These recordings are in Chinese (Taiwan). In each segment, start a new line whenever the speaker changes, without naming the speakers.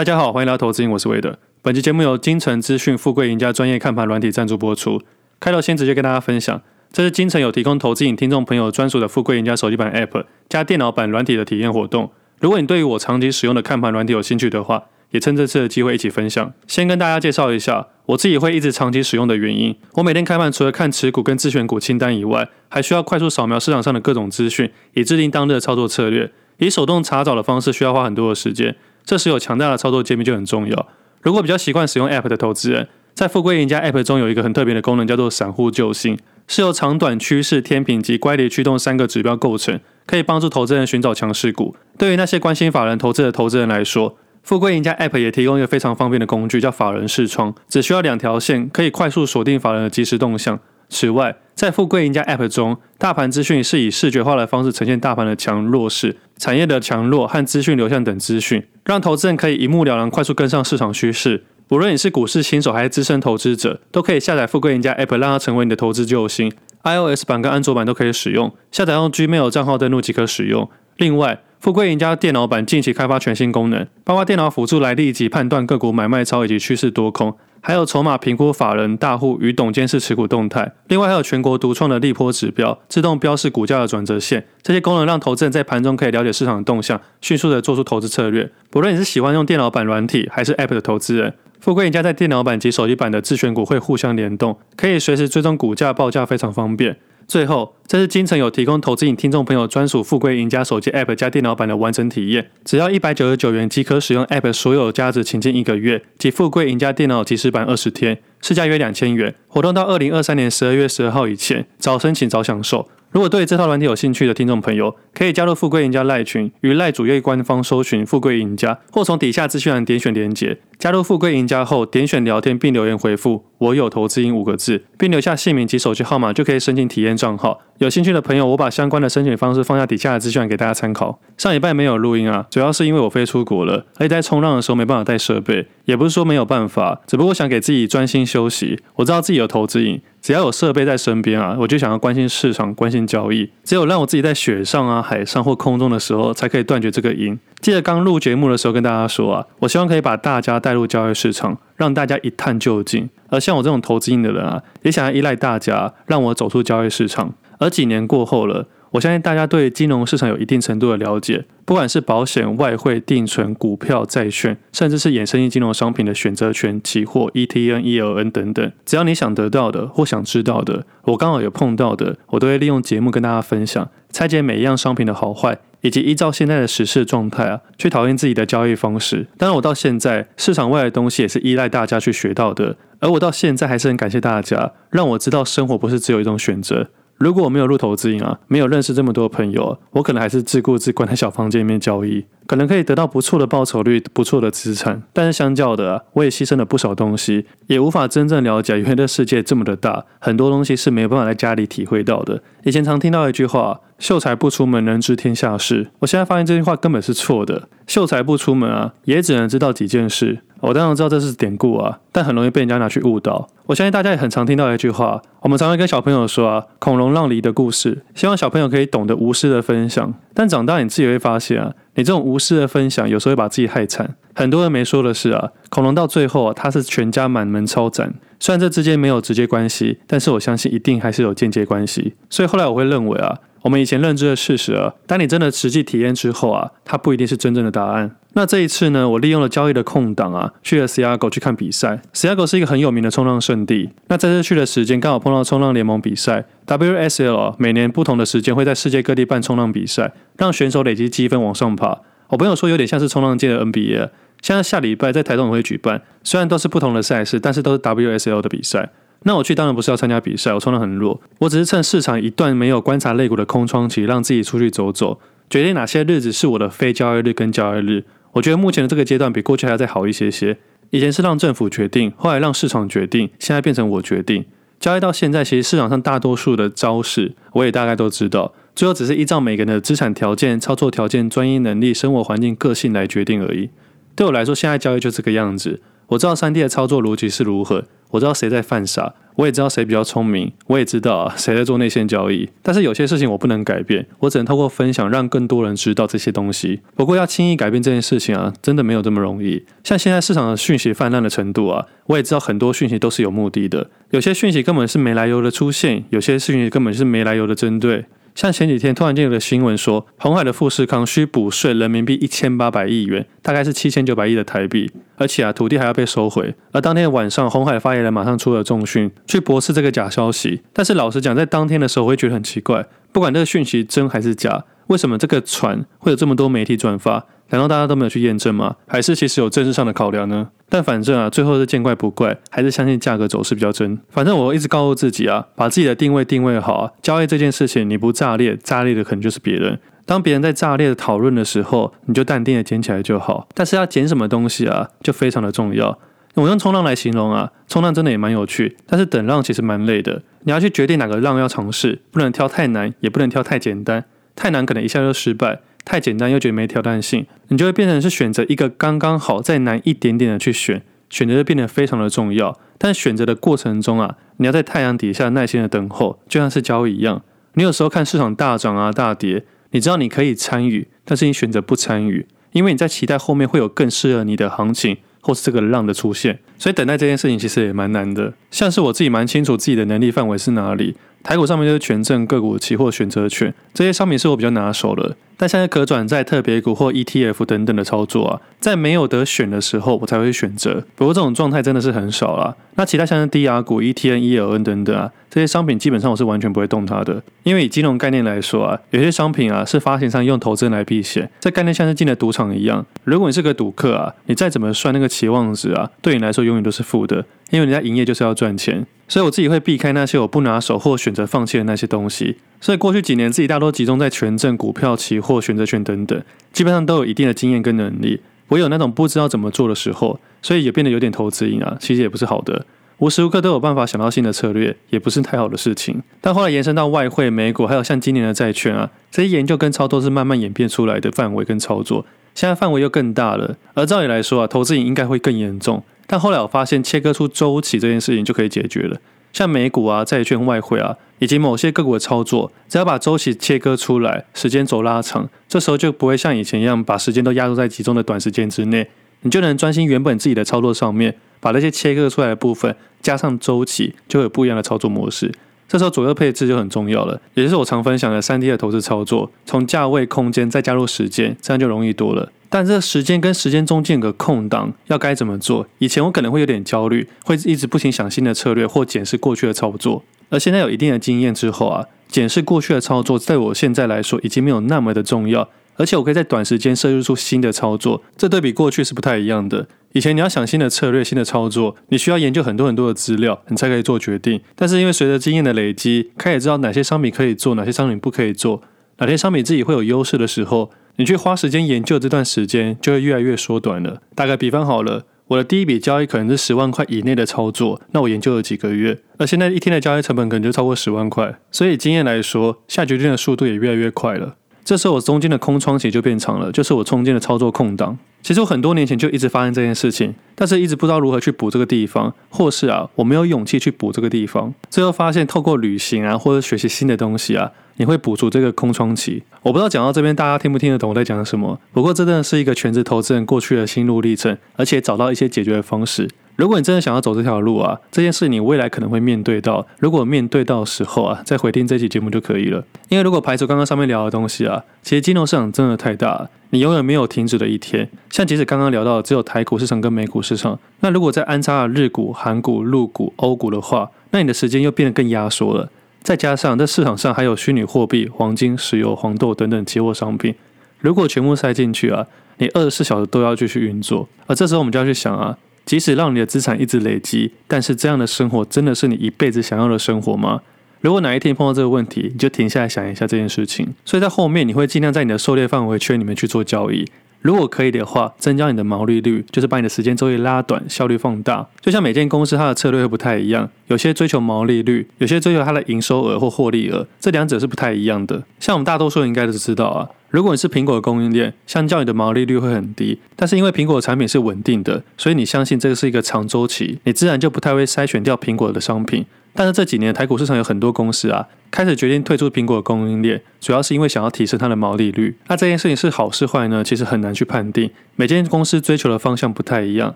大家好，歡迎來到投資癮，我是韋德。本期節目由精誠資訊富貴贏家專業看盤軟體贊助播出。開頭先直接跟大家分享，這是精誠有提供投資癮聽眾朋友專屬的富貴贏家手機版 App 加電腦版軟體的體驗活動。如果你對於我長期使用的看盤軟體有興趣的話，也趁這次的機會一起分享。先跟大家介紹一下我自己會一直長期使用的原因。我每天開盤除了看持股跟自選股清單以外，還需要快速掃描市場上的各種資訊，以制定當日的操作策略。以手動查找的方式需要花很多的時間。這時有強大的操作界面就很重要。如果比較習慣使用 App 的投資人，在富貴贏家 App 中有一個很特別的功能，叫做“散戶救星”，是由長短趨勢天平及乖離驅動三個指標構成，可以幫助投資人尋找強勢股。對於那些關心法人投資的投資人來說，富貴贏家 App 也提供一個非常方便的工具，叫法人視窗，只需要兩條線，可以快速鎖定法人的即時動向。此外，在富貴贏家 App 中，大盤資訊是以視覺化的方式呈現大盤的強弱勢、產業的強弱和資訊流向等資訊，讓投資人可以一目了然，快速跟上市場趨勢。無論你是股市新手還是資深投資者，都可以下載富貴贏家 App，讓它成為你的投資救星。iOS 版跟安卓版都可以使用，下載用 Gmail 賬號登錄即可使用。另外，富貴贏家電腦版近期開發全新功能，包括電腦輔助來立即判斷個股買賣超以及趨勢多空。還有籌碼評估、法人大戶與董監事持股動態，另外還有全國獨創的立波指標，自動標示股價的轉折線。這些功能讓投資人在盤中可以了解市場的動向，迅速的做出投資策略。不論你是喜歡用電腦版軟體還是 App 的投資人，富貴贏家在電腦版及手機版的自選股會互相聯動，可以隨時追蹤股價報價，非常方便。最後，這是精誠有提供投資癮聽眾朋友專屬富貴贏家手機 App 加電腦版的完整體驗，只要一百九十九元即可使用 App 所有加值情境一個月即富貴贏家電腦即時版二十天，市價約兩千元。活動到二零二三年十二月十二號以前，早申請早享受。如果對這套軟體有興趣的聽眾朋友，可以加入富貴贏家賴群，於賴主頁官方搜尋富貴贏家，或從底下資訊欄點選連結加入富貴贏家後，點選聊天並留言回復。我有投資癮五個字，並留下姓名及手機號碼，就可以申請體驗賬號。有興趣的朋友，我把相關的申請方式放在底下的資訊給大家參考。上禮拜沒有錄音啊，主要是因為我飛出國了，而且在衝浪的時候沒辦法帶設備。也不是說沒有辦法，只不過想給自己專心休息。我知道自己有投資癮，只要有設備在身邊啊，我就想要關心市場、關心交易。只有讓我自己在雪上啊、海上或空中的時候，才可以斷絕這個癮。記得剛錄節目的時候跟大家說啊，我希望可以把大家帶入交易市場，讓大家一探究竟。而像我這種投資癮的人啊，也想要依賴大家，讓我走出交易市場。而幾年過後了，我相信大家對金融市場有一定程度的了解，不管是保險、外匯、定存、股票、債券，甚至是衍生性金融商品的選擇權、期貨、ETN、ELN 等等，只要你想得到的或想知道的，我剛好有碰到的，我都會利用節目跟大家分享，拆解每一樣商品的好壞。以及依照現在的時事狀態啊，去討厭自己的交易方式。當然，我到現在市場外的東西也是依賴大家去學到的，而我到現在還是很感謝大家，讓我知道生活不是只有一種選擇。如果我沒有入投資癮啊，沒有認識這麼多朋友，啊，我可能還是自顧自關在小房間裡面交易，可能可以得到不錯的報酬率，不錯的資產。但是相較的啊，我也犧牲了不少東西，也無法真正了解原來這世界這麼的大，很多東西是沒有辦法在家裡體會到的。以前常聽到一句話：“秀才不出門，能知天下事。”我現在發現這句話根本是錯的。秀才不出門啊，也只能知道幾件事。我當然知道這是典故啊，但很容易被人家拿去誤導。我相信大家也很常聽到一句話，我們常會跟小朋友說啊，孔融讓梨的故事，希望小朋友可以懂得無私的分享。但長大你自己會發現啊，你這種無私的分享有時候會把自己害慘。很多人沒說的是啊，孔融到最後啊，他是全家滿門抄斬。雖然這之間沒有直接關係，但是我相信一定還是有間接關係。所以後來我會認為啊。我們以前認知的事實啊，當你真的實際體驗之後啊，它不一定是真正的答案。那這一次呢，我利用了交易的空檔啊，去了 Siargao 去看比賽。Siargao 是一個很有名的衝浪聖地。那在這次去的時間，剛好碰到衝浪聯盟比賽。WSL 啊，每年不同的時間會在世界各地辦衝浪比賽，讓選手累積積分往上爬。我朋友說有點像是衝浪界的 NBA。像是下禮拜在台東也會舉辦，雖然都是不同的賽事，但是都是 WSL 的比賽。那我去當然不是要參加比賽，我衝得很弱，我只是趁市場一段沒有觀察類股的空窗期，讓自己出去走走，決定哪些日子是我的非交易日跟交易日。我覺得目前的這個階段比過去還要再好一些些。以前是讓政府決定，後來讓市場決定，現在變成我決定。交易到現在，其實市場上大多數的招式，我也大概都知道。最後只是依照每個人的資產條件、操作條件、專業能力、生活環境、個性來決定而已。對我來說，現在交易就這個樣子。我知道三 D 的操作邏輯是如何。我知道誰在犯傻，我也知道誰比較聰明，我也知道啊，誰在做內線交易。但是有些事情我不能改變，我只能透過分享，讓更多人知道這些東西。不過要輕易改變這件事情啊，真的沒有這麼容易。像現在市場的訊息泛濫的程度啊，我也知道很多訊息都是有目的的，有些訊息根本是沒來由的出現，有些訊息根本是沒來由的針對。像前幾天突然間有個新聞說，紅海的富士康需補稅人民幣一千八百億元，大概是七千九百億的台幣，而且啊土地還要被收回。而當天晚上，紅海發言人馬上出了重訊去駁斥這個假消息。但是老實講，在當天的時候，我會覺得很奇怪。不管這個訊息真還是假，為什麼這個船會有這麼多媒體轉發？難道大家都沒有去驗證嗎？還是其實有政治上的考量呢？但反正啊，最後是見怪不怪，還是相信價格走勢比較真。反正我一直告訴自己啊，把自己的定位定位好啊。交易這件事情，你不炸裂，炸裂的可能就是別人。當別人在炸裂的討論的時候，你就淡定的撿起來就好。但是要撿什麼東西啊，就非常的重要。我用衝浪來形容啊，衝浪真的也蠻有趣，但是等浪其實蠻累的。你要去決定哪個浪要嘗試，不能挑太難，也不能挑太簡單。太難可能一下就失敗，太簡單又覺得沒挑戰性，你就會變成是選擇一個剛剛好再難一點點的去選，選擇就變得非常的重要。但選擇的過程中啊，你要在太陽底下耐心的等候，就像是交易一樣。你有時候看市場大漲啊、大跌，你知道你可以參與，但是你選擇不參與，因為你在期待後面會有更適合你的行情。或是這個浪的出現，所以等待這件事情其實也蠻難的。像是我自己蠻清楚自己的能力範圍是哪裡。台股上面就是權證、個股、期貨、選擇權這些商品是我比較拿手的，但像是可轉債、特別股或 ETF 等等的操作啊，在沒有得選的時候，我才會選擇。不過這種狀態真的是很少啊。那其他像是 DR 股、ETN、ELN 等等啊，這些商品基本上我是完全不會動它的，因為以金融概念來說啊，有些商品啊是發行商用投資人來避險，這概念像是進了賭場一樣。如果你是個賭客啊，你再怎麼算那個期望值啊，對你來說永遠都是負的，因為人家營業就是要賺錢。所以我自己會避開那些我不拿手或選擇放棄的那些東西。所以過去幾年自己大多集中在權證、股票、期貨、選擇權等等，基本上都有一定的經驗跟能力。我有那種不知道怎麼做的時候，所以也變得有點投資癮啊，其實也不是好的。無時無刻都有辦法想到新的策略，也不是太好的事情。但後來延伸到外匯、美股，還有像今年的債券啊，這些研究跟操作是慢慢演變出來的範圍跟操作。現在範圍又更大了，而照理來說啊，投資癮應該會更嚴重。但後來我發現，切割出周期這件事情就可以解決了。像美股啊、債券、外匯啊，以及某些個股的操作，只要把周期切割出來，時間軸拉長，這時候就不會像以前一樣把時間都壓縮在集中的短時間之內，你就能專心原本自己的操作上面，把那些切割出來的部分加上周期，就會有不一樣的操作模式。這時候左右配置就很重要了，也就是我常分享的三 D 的投資操作，從價位空間再加入時間，這樣就容易多了。但這時間跟時間中間有個空檔，要該怎麼做？以前我可能會有點焦慮，會一直不停想新的策略或檢視過去的操作。而現在有一定的經驗之後啊，檢視過去的操作，在我現在來說已經沒有那麼的重要，而且我可以在短時間設計出新的操作，這對比過去是不太一樣的。以前你要想新的策略、新的操作，你需要研究很多很多的資料，你才可以做決定。但是因為隨着經驗的累積，開始知道哪些商品可以做，哪些商品不可以做，哪些商品自己會有優勢的時候，你去花時間研究這段時間就會越來越縮短了。打個比方好了，我的第一筆交易可能是十萬塊以內的操作，那我研究了幾個月，那現在一天的交易成本可能就超過十萬塊，所以經驗來說，下決定的速度也越來越快了。這時候我中間的空窗期就變長了，就是我中間的操作空檔。其實我很多年前就一直發現這件事情，但是一直不知道如何去補這個地方，或是啊，我沒有勇氣去補這個地方。最後發現透過旅行啊，或者學習新的東西啊，你會補足這個空窗期。我不知道講到這邊大家聽不聽得懂我在講什麼？不過這真的是一個全職投資人過去的心路歷程，而且找到一些解決的方式。如果你真的想要走這條路啊，這件事你未來可能會面對到。如果面對到時候啊，再回聽這期節目就可以了。因為如果排除剛剛上面聊的東西啊，其實金融市場真的太大了，你永遠沒有停止的一天。像即使剛剛聊到只有台股市場跟美股市場，那如果再安插了日股、韓股、陸股、歐股的話，那你的時間又變得更壓縮了。再加上這市場上還有虛擬貨幣、黃金、石油、黃豆等等期貨商品，如果全部塞進去啊，你二十四小時都要繼續運作。而這時候我們就要去想啊。即使讓你的資產一直累積，但是這樣的生活真的是你一輩子想要的生活嗎？如果哪一天碰到這個問題，你就停下來想一下這件事情。所以在後面你會盡量在你的狩獵範圍圈裡面去做交易，如果可以的話，增加你的毛利率，就是把你的時間週期拉短，效率放大。就像每間公司它的策略會不太一樣，有些追求毛利率，有些追求它的營收額或獲利額，這兩者是不太一樣的。像我們大多數人應該都知道啊。如果你是蘋果的供應鏈，相較你的毛利率會很低，但是因為蘋果的產品是穩定的，所以你相信這個是一個長週期，你自然就不太會篩選掉蘋果的商品。但是這幾年台股市場有很多公司啊，開始決定退出蘋果的供應鏈，主要是因為想要提升它的毛利率。那這件事情是好是壞呢？其實很難去判定。每間公司追求的方向不太一樣，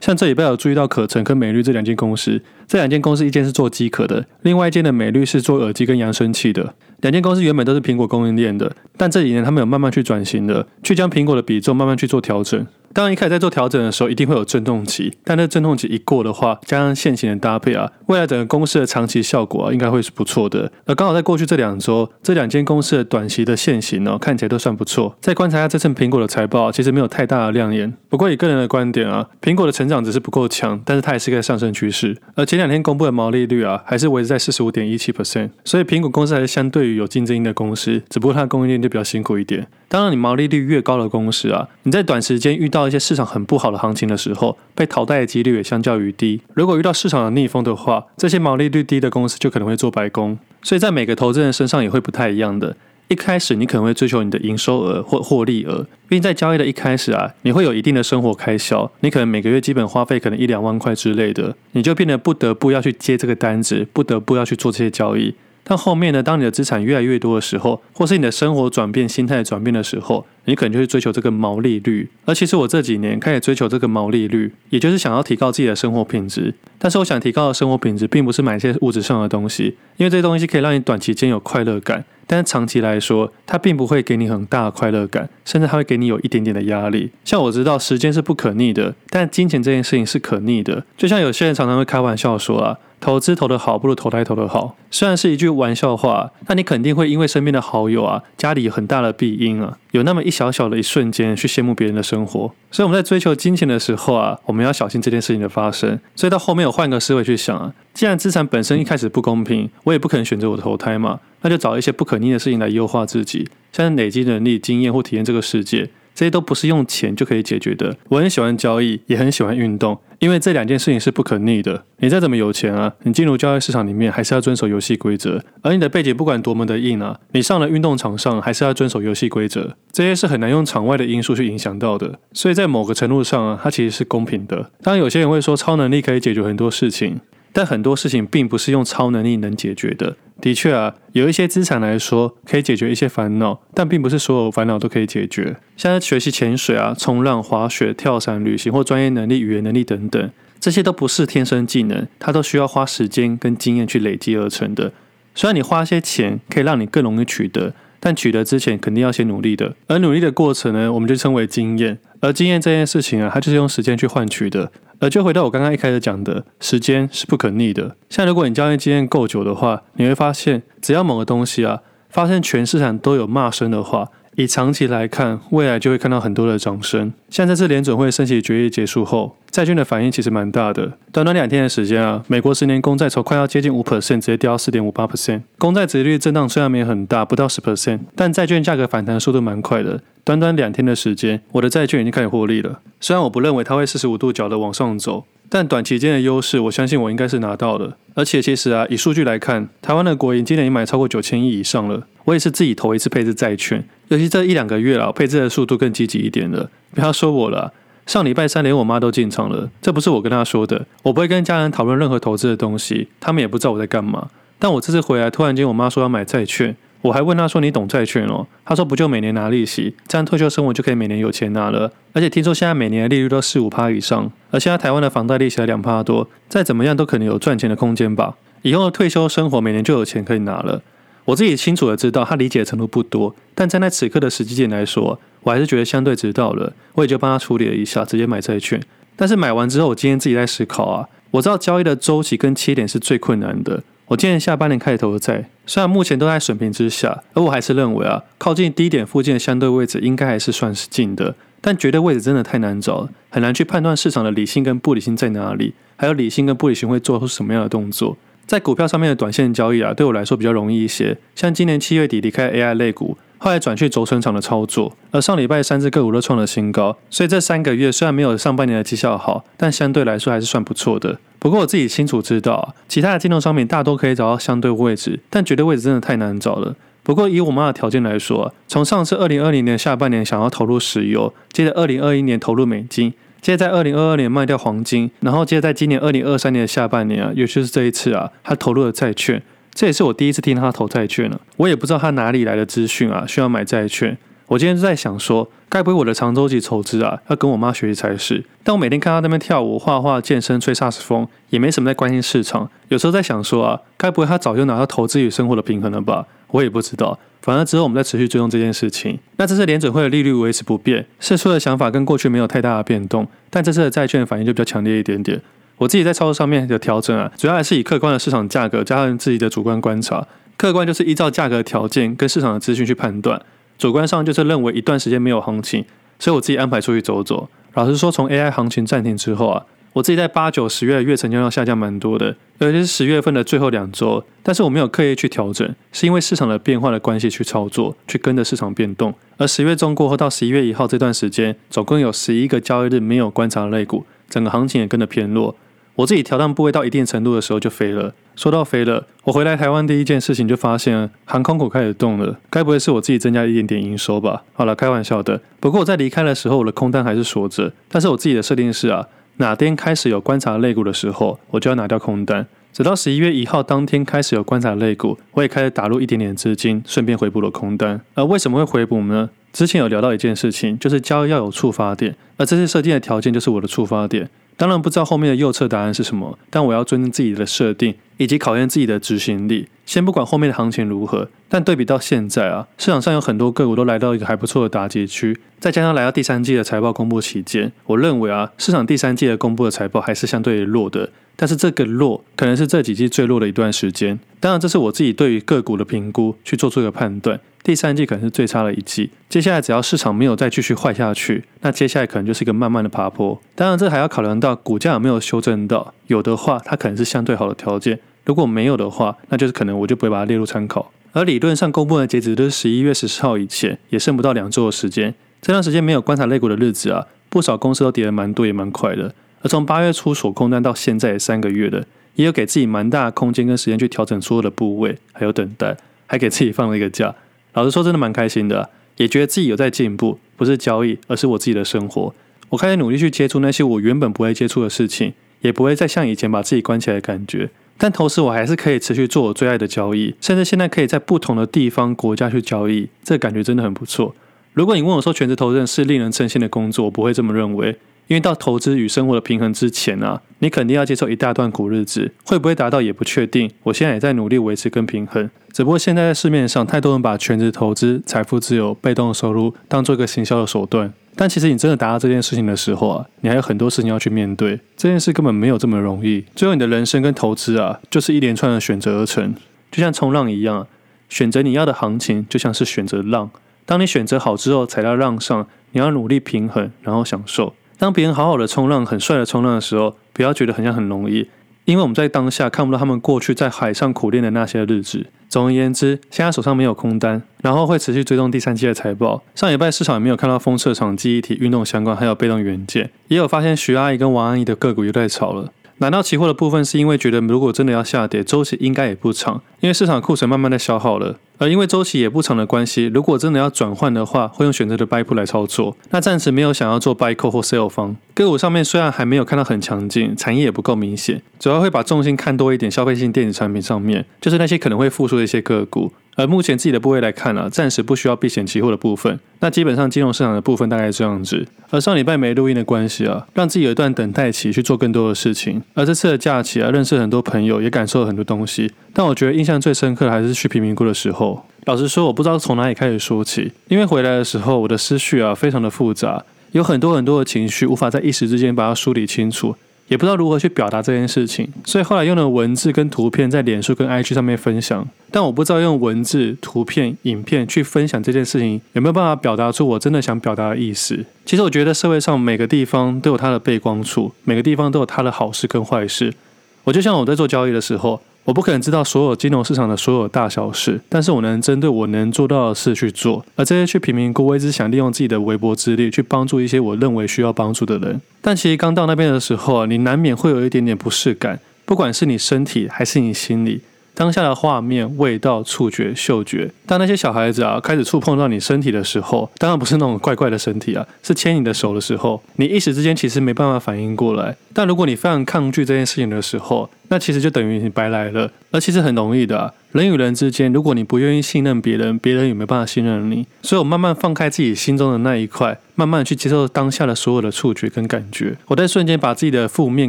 像這裡邊有注意到可成跟美律這兩間公司，這兩間公司一間是做機殼的，另外一間的美律是做耳機跟揚聲器的。兩間公司原本都是蘋果供應鏈的，但這幾年他們有慢慢去轉型了，去將蘋果的比重慢慢去做調整。當然一開始在做調整的時候，一定會有陣痛期，但那陣痛期一過的話，加上現行的搭配啊，未來整個公司的長期效果啊，應該會是不錯的。那剛好在過去這兩周，這兩間公司的短期的現行呢、喔，看起來都算不錯。再觀察一下這次蘋果的財報，其實沒有太大的亮眼。不過以個人的觀點啊，蘋果的成長只是不夠強，但是它也是個上升趨勢。而前兩天公布的毛利率啊，還是維持在四十五點一七 percent。所以蘋果公司還是相對於有競爭力的公司，只不過它的供應鏈就比較辛苦一點。當然，你毛利率越高的公司啊，你在短時間遇到一些市場很不好的行情的時候，被淘汰的幾率也相較於低。如果遇到市場的逆風的話，這些毛利率低的公司就可能會做白工。所以在每個投資人身上也會不太一樣的。一開始你可能會追求你的營收額或獲利額，畢竟在交易的一開始啊，你會有一定的生活開銷，你可能每個月基本花費可能一兩萬塊之類的，你就變得不得不要去接這個單子，不得不要去做這些交易。但後面呢，當你的資產越來越多的時候，或是你的生活轉變、心態轉變的時候，你可能就會追求這個毛利率。而其實我這幾年開始追求這個毛利率，也就是想要提高自己的生活品質。但是我想提高的生活品質，並不是買一些物質上的東西，因為這些東西可以讓你短期間有快樂感。但長期來說，它並不會給你很大的快樂感，甚至還會給你有一點點的壓力。像我知道，時間是不可逆的，但金錢這件事情是可逆的。就像有些人常常會開玩笑說啊，投資投得好不如投胎投得好。雖然是一句玩笑話，那你肯定會因為身邊的好友啊，家裡有很大的庇蔭啊。有那麼一小小的一瞬間去羨慕別人的生活，所以我們在追求金錢的時候啊，我們要小心這件事情的發生。所以到後面我換個思維去想啊，既然資產本身一開始不公平，我也不可能選擇我投胎嘛，那就找一些不可逆的事情來優化自己，像是累積能力、經驗或體驗這個世界。這些都不是用錢就可以解決的。我很喜歡交易，也很喜歡運動，因為這兩件事情是不可逆的。你再怎麼有錢啊，你進入交易市場裡面還是要遵守遊戲規則；而你的背景不管多麼的硬啊，你上了運動場上還是要遵守遊戲規則。這些是很難用場外的因素去影響到的。所以在某個程度上啊，它其實是公平的。當然，有些人會說超能力可以解決很多事情。但很多事情並不是用超能力能解決的。的確啊，有一些資產來說，可以解決一些煩惱，但並不是所有煩惱都可以解決。像學習潛水啊、衝浪、滑雪、跳傘、旅行或專業能力、語言能力等等，這些都不是天生技能，它都需要花時間跟經驗去累積而成的。雖然你花些錢可以讓你更容易取得。但取得之前，肯定要先努力的。而努力的過程呢，我們就稱為經驗。而經驗這件事情啊，它就是用時間去換取的。而就回到我剛剛一開始講的，時間是不可逆的。像如果你交易經驗夠久的話，你會發現，只要某個東西啊，發現全市場都有罵聲的話。以長期來看，未來就會看到很多的漲升。像這次聯準會升息決議結束後，債券的反應其實蠻大的。短短兩天的時間啊，美國十年公債從快要接近五 percent 直接掉到四點五八 percent。公債殖利率震盪雖然沒有很大，不到十 percent，但債券價格反彈速度蠻快的。短短兩天的時間，我的債券已經開始獲利了。雖然我不認為它會四十五度角的往上走，但短期間的優勢，我相信我應該是拿到了。而且其實啊，以數據來看，台灣的國銀今年已買超過九千億以上了。我也是自己頭一次配置債券，尤其這一兩個月啊，配置的速度更積極一點了。不要說我了，啊，上禮拜三連我媽都進場了。這不是我跟她說的，我不會跟家人討論任何投資的東西，他們也不知道我在幹嘛。但我這次回來，突然間我媽說要買債券，我還問她說：“你懂債券哦？”她說：“不就每年拿利息，這樣退休生活就可以每年有錢拿了。而且聽說現在每年的利率都四五趴以上，而現在台灣的房貸利息兩趴多，再怎麼樣都可能有賺錢的空間吧。以後的退休生活每年就有錢可以拿了。”我自己清楚的知道，他理解的程度不多，但站在此刻的時機點來說，我還是覺得相對值得了。我也就幫他處理了一下，直接買債券。但是買完之後，我今天自己在思考啊，我知道交易的周期跟切點是最困難的。我今年下半年開始投債，雖然目前都在，在水平之下，而我還是認為啊，靠近低點附近的相對位置應該還是算是近的，但絕對位置真的太難找了，很難去判斷市場的理性跟不理性在哪裡，還有理性跟不理性會做出什麼樣的動作。在股票上面的短線交易啊，對我來說比較容易一些。像今年七月底離開 AI 類股，後來轉去軸承廠的操作，而上禮拜三隻個股都創了新高，所以這三個月雖然沒有上半年的績效好，但相對來說還是算不錯的。不過我自己清楚知道，其他的金融商品大多可以找到相對位置，但絕對位置真的太難找了。不過以我們的條件來說啊，從上次二零二零年下半年想要投入石油，接着二零二一年投入美金，接着在二零二二年賣掉黃金，然後接着在今年二零二三年的下半年啊，尤其是這一次啊，他投入了債券，這也是我第一次聽他投債券了啊。我也不知道他哪裡來的資訊啊，需要買債券。我今天就在想說，該不會我的長週期投資啊，要跟我媽學習才是？但我每天看他那邊跳舞、畫畫、健身、吹薩斯風，也沒什麼在關心市場。有時候在想說啊，該不會他早就拿到投資與生活的平衡了吧？我也不知道，反正之後我們再持續追蹤這件事情。那這次聯準會的利率維持不變，市出的想法跟過去沒有太大的變動，但這次的債券反應就比較強烈一點點。我自己在操作上面有調整啊，主要還是以客觀的市場價格加上自己的主觀觀察。客觀就是依照價格條件跟市場的資訊去判斷，主觀上就是認為一段時間沒有行情，所以我自己安排出去走走。老實說，從 AI 行情暫停之後啊。我自己在八九十月的月成交量下降蠻多的，尤其是十月份的最後兩周，但是我沒有刻意去調整，是因為市場的變化的關係去操作，去跟着市場變動。而十月中過後到十一月一號這段時間，總共有十一個交易日沒有觀察的類股，整個行情也跟着偏弱。我自己調檔部位到一定程度的時候就飛了。說到飛了，我回來台灣第一件事情就發現航空股開始動了，該不會是我自己增加一點點營收吧？好了，開玩笑的。不過我在離開的時候，我的空單還是鎖着，但是我自己的設定是啊。哪天開始有觀察類股的時候，我就要拿掉空單，直到十一月一號當天開始有觀察類股，我也開始打入一點點資金，順便回補了空單。而為什麼會回補呢？之前有聊到一件事情，就是交易要有觸發點，而這次設定的條件就是我的觸發點。當然不知道後面的右側答案是什麼，但我要遵循自己的設定，以及考驗自己的執行力。先不管後面的行情如何，但對比到現在啊，市場上有很多個股都來到一個還不錯的打擊區，再加上來到第三季的財報公布期間，我認為啊，市場第三季的公布的財報還是相對於弱的。但是這個弱可能是這幾季最弱的一段時間。當然，這是我自己對於個股的評估，去做出一個判斷。第三季可能是最差的一季，接下來只要市場沒有再繼續壞下去，那接下來可能就是一個慢慢的爬坡。當然，這還要考量到股價有沒有修正到，有的話，它可能是相對好的條件；如果沒有的話，那就是可能我就不會把它列入參考。而理論上公布的截止都是十一月十四號以前，也剩不到兩週的時間。這段時間沒有觀察類股的日子啊，不少公司都跌得蠻多也蠻快的。而從八月初所空單到現在也三個月的。也有給自己蠻大的空間跟時間去調整所有的部位，還有等待，還給自己放了一個假。老實說，真的蠻開心的啊，也覺得自己有在進步。不是交易，而是我自己的生活。我開始努力去接觸那些我原本不會接觸的事情，也不會再像以前把自己關起來的感覺。但同時，我還是可以持續做我最愛的交易，甚至現在可以在不同的地方、國家去交易。這個感覺真的很不錯。如果你問我說全職投資人是令人稱羨的工作，我不會這麼認為。因為到投資與生活的平衡之前啊，你肯定要接受一大段苦日子，會不會達到也不確定。我現在也在努力維持跟平衡，只不過現在在市面上太多人把全職投資、財富自由、被動收入當做一個行銷的手段。但其實你真的達到這件事情的時候啊，你還有很多事情要去面對，這件事根本沒有這麼容易。最後，你的人生跟投資啊，就是一連串的選擇而成，就像衝浪一樣啊，選擇你要的行情，就像是選擇浪。當你選擇好之後，踩到浪上，你要努力平衡，然後享受。當別人好好的衝浪，很帥的衝浪的時候，不要覺得很像很容易，因為我們在當下看不到他們過去在海上苦練的那些日子。總而言之，現在手上沒有空單，然後會持續追蹤第三季的財報。上禮拜市場也沒有看到封測廠、記憶體、運動相關，還有被動元件，也有發現徐阿姨跟王阿姨的個股又在炒了。拿到期貨的部分是因為覺得，如果真的要下跌，周期應該也不長，因為市場庫存慢慢的消耗了。而因為周期也不長的關係，如果真的要轉換的話，會用選擇的 buy put 來操作。那暫時沒有想要做 buy call 或 sell 方。個股上面雖然還沒有看到很強勁，產業也不夠明顯，主要會把重心看多一點，消費性電子產品上面，就是那些可能會復甦的一些個股。而目前自己的部位來看啊，暫時不需要避險期貨的部分。那基本上金融市場的部分大概這樣子。而上禮拜沒錄音的關係啊，讓自己有一段等待期去做更多的事情。而這次的假期啊，認識很多朋友，也感受了很多東西。但我覺得印象最深刻的還是去貧民窟的時候。老實說，我不知道從哪裡開始說起，因為回來的時候我的思緒啊非常的複雜，有很多很多的情緒無法在一時之間把它梳理清楚。也不知道如何去表達這件事情，所以後來用了文字跟圖片在臉書跟 IG 上面分享，但我不知道用文字、圖片、影片、去分享這件事情有沒有辦法表達出我真的想表達的意思。其實我覺得社會上每個地方都有它的背光處，每個地方都有它的好事跟壞事。我就像我在做交易的時候。我不可能知道所有金融市場的所有大小事，但是我能針對我能做到的事去做。而這些去貧民窟，我一直想利用自己的微薄之力去幫助一些我認為需要幫助的人。但其實剛到那邊的時候啊，你難免會有一點點不適感，不管是你身體還是你心裡，當下的畫面、味道、觸覺、嗅覺，當那些小孩子啊開始觸碰到你身體的時候，當然不是那種怪怪的身體啊，是牽你的手的時候，你一時之間其實沒辦法反應過來。但如果你非常抗拒這件事情的時候，那其實就等於你白來了，而其實很容易的啊，人與人之間，如果你不願意信任別人，別人也沒辦法信任你。所以我慢慢放開自己心中的那一塊，慢慢去接受當下的所有的觸覺跟感覺，我在瞬間把自己的負面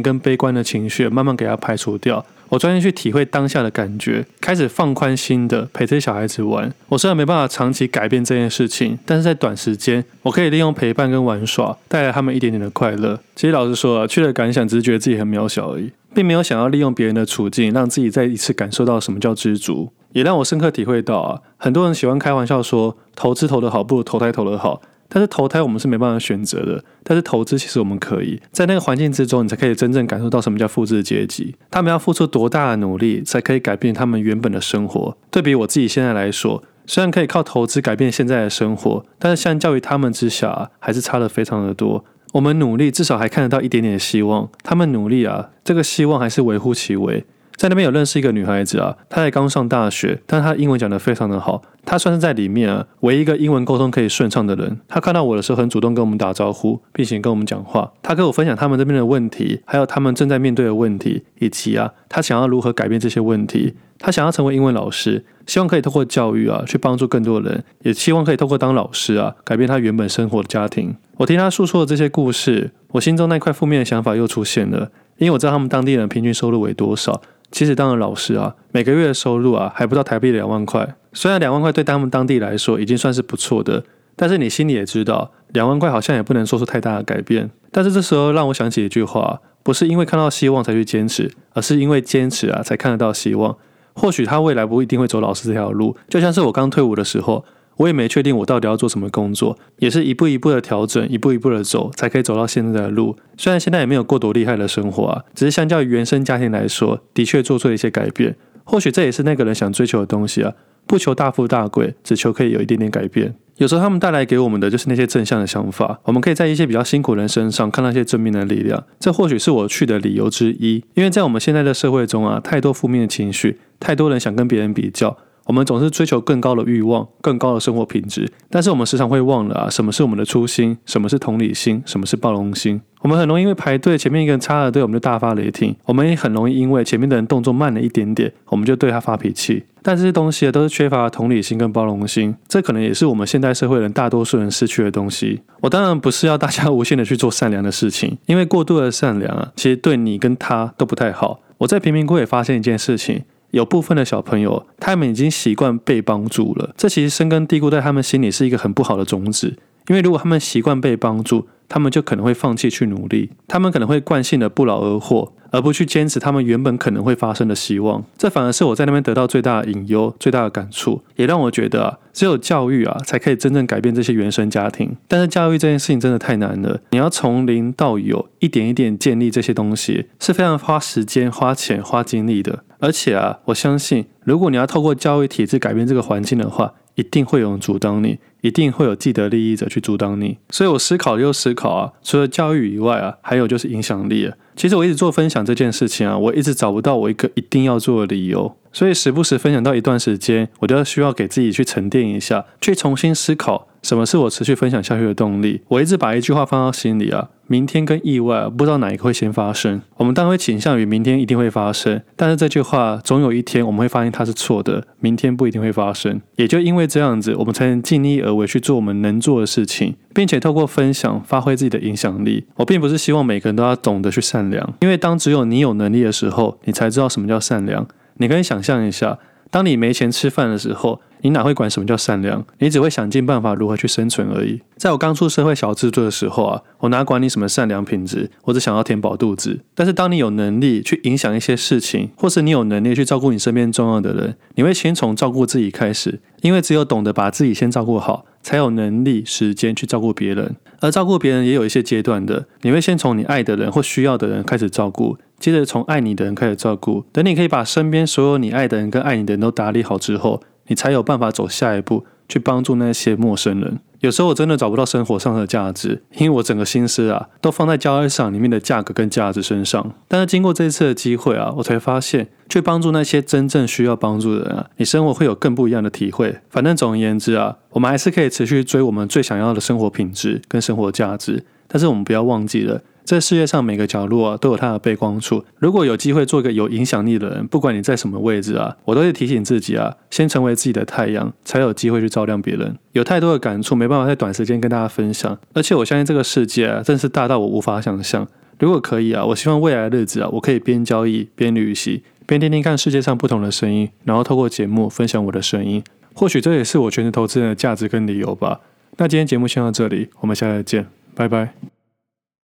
跟悲觀的情緒慢慢給它排除掉。我專心去體會當下的感覺，開始放寬心的陪這些小孩子玩。我雖然沒辦法長期改變這件事情，但是在短時間，我可以利用陪伴跟玩耍帶來他們一點點的快樂。其實老實說啊，去的感想只是覺得自己很渺小而已，並沒有想要利用別人的處境，讓自己再一次感受到什麼叫知足，也讓我深刻體會到啊，很多人喜歡開玩笑說，投資投得好，不如投胎投得好。但是投胎我們是沒辦法選擇的，但是投資其實我們可以，在那個環境之中，你才可以真正感受到什麼叫複製階級，他們要付出多大的努力才可以改變他們原本的生活。對比我自己現在來說，雖然可以靠投資改變現在的生活，但是相較於他們之下啊，還是差得非常的多。我們努力至少還看得到一點點希望，他們努力啊，這個希望還是微乎其微。在那邊有認識一個女孩子啊，她在剛上大學，但她英文講得非常的好，她算是在裡面啊唯一一個英文溝通可以順暢的人。她看到我的時候很主動跟我們打招呼，並且跟我們講話。她跟我分享他們這邊的問題，還有他們正在面對的問題，以及啊她想要如何改變這些問題。她想要成為英文老師，希望可以透過教育啊去幫助更多人，也希望可以透過當老師啊改變她原本生活的家庭。我聽她訴說的這些故事，我心中那一塊負面的想法又出現了，因為我知道他們當地人平均收入為多少。其實，當了老師啊，每個月的收入啊，還不到台幣兩萬塊。雖然兩萬塊對他們當地來說已經算是不錯的，但是你心裡也知道，兩萬塊好像也不能做出太大的改變。但是這時候讓我想起一句話啊：不是因為看到希望才去堅持，而是因為堅持啊，才看得到希望。或許他未來不一定會走老師這條路，就像是我剛退伍的時候。我也沒確定我到底要做什麼工作，也是一步一步的調整，一步一步的走，才可以走到現在的路。雖然現在也沒有過多厲害的生活啊，只是相較於原生家庭來說，的確做出了一些改變。或許這也是那個人想追求的東西啊，不求大富大貴，只求可以有一點點改變。有時候他們帶來給我們的就是那些正向的想法，我們可以在一些比較辛苦人身上看到一些正面的力量。這或許是我去的理由之一，因為在我們現在的社會中啊，太多負面的情緒，太多人想跟別人比較。我們總是追求更高的慾望、更高的生活品質，但是我們時常會忘了啊，什麼是我們的初心？什麼是同理心？什麼是包容心？我們很容易因為排隊前面一個人插了隊，我們就大發雷霆；我們也很容易因為前面的人動作慢了一點點，我們就對他發脾氣。但這些東西啊，都是缺乏同理心跟包容心。這可能也是我們現代社會人大多數人失去的東西。我當然不是要大家無限的去做善良的事情，因為過度的善良啊，其實對你跟他都不太好。我在貧民窟也發現一件事情。有部分的小朋友，他們已經習慣被幫助了，這其實深根蒂固在他們心裡是一個很不好的種子。因為如果他們習慣被幫助，他們就可能會放棄去努力，他們可能會慣性的不勞而獲，而不去堅持他們原本可能會發生的希望。這反而是我在那邊得到最大的隱憂，最大的感觸，也讓我覺得啊，只有教育啊，才可以真正改變這些原生家庭。但是教育這件事情真的太難了，你要從零到有一點一點建立這些東西，是非常花時間、花錢、花精力的。而且啊，我相信，如果你要透過教育體制改變這個環境的話，一定會有人阻擋你。一定會有既得利益者去阻擋你，所以我思考又思考啊，除了教育以外啊，還有就是影響力啊。其實我一直做分享這件事情啊，我一直找不到我一個一定要做的理由，所以時不時分享到一段時間，我都要需要給自己去沉澱一下，去重新思考。什麼是我持續分享下去的動力？我一直把一句話放到心裡啊：明天跟意外啊，不知道哪一個會先發生。我們當然會傾向於明天一定會發生，但是這句話總有一天我們會發現它是錯的。明天不一定會發生，也就因為這樣子，我們才能盡力而為去做我們能做的事情，並且透過分享發揮自己的影響力。我並不是希望每個人都要懂得去善良，因為當只有你有能力的時候，你才知道什麼叫善良。你可以想象一下，當你沒錢吃飯的時候。你哪會管什麼叫善良？你只會想盡辦法如何去生存而已。在我剛出社會小制作的時候啊，我哪管你什麼善良品質，我只想要填飽肚子。但是當你有能力去影響一些事情，或是你有能力去照顧你身邊重要的人，你會先從照顧自己開始，因為只有懂得把自己先照顧好，才有能力、時間去照顧別人。而照顧別人也有一些階段的，你會先從你愛的人或需要的人開始照顧，接着從愛你的人開始照顧。等你可以把身邊所有你愛的人跟愛你的人都打理好之後。你才有辦法走下一步去幫助那些陌生人。有時候我真的找不到生活上的價值，因為我整個心思啊都放在交易上裡面的價格跟價值身上。但是經過這次的機會啊，我才發現去幫助那些真正需要幫助的人啊，你生活會有更不一樣的體會。反正總而言之啊，我們還是可以持續追我們最想要的生活品質跟生活價值，但是我們不要忘記了。在世界上每個角落啊，都有它的背光處。如果有機會做一個有影響力的人，不管你在什麼位置啊，我都會提醒自己啊，先成為自己的太陽，才有機會去照亮別人。有太多的感觸，沒辦法在短時間跟大家分享。而且我相信這個世界啊，真是大到我無法想象。如果可以啊，我希望未來的日子啊，我可以邊交易邊旅行，邊聽聽看世界上不同的聲音，然後透過節目分享我的聲音。或許這也是我全職投資人的價值跟理由吧。那今天節目先到這裡，我們下次再見，拜拜。